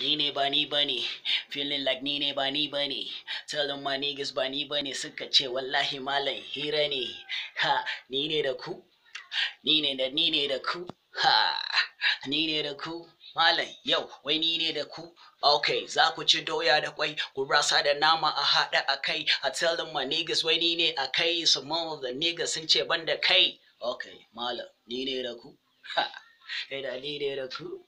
ni ne ba ni bane feeling like ni ne ba ni bane telling my niggas ba ni bane suka ce wallahi malam hira ne ha ni da ku ni da ni da ku ha ni da ku malam yau wai ni da ku Ok, za ku ci doya da kwai, ku rasa da nama a haɗa a kai, a telling my niggas wai ni ne a kai, some of the niggas sun ce ban da kai. ok, malam, ni da ku? Ha, da ni da ku?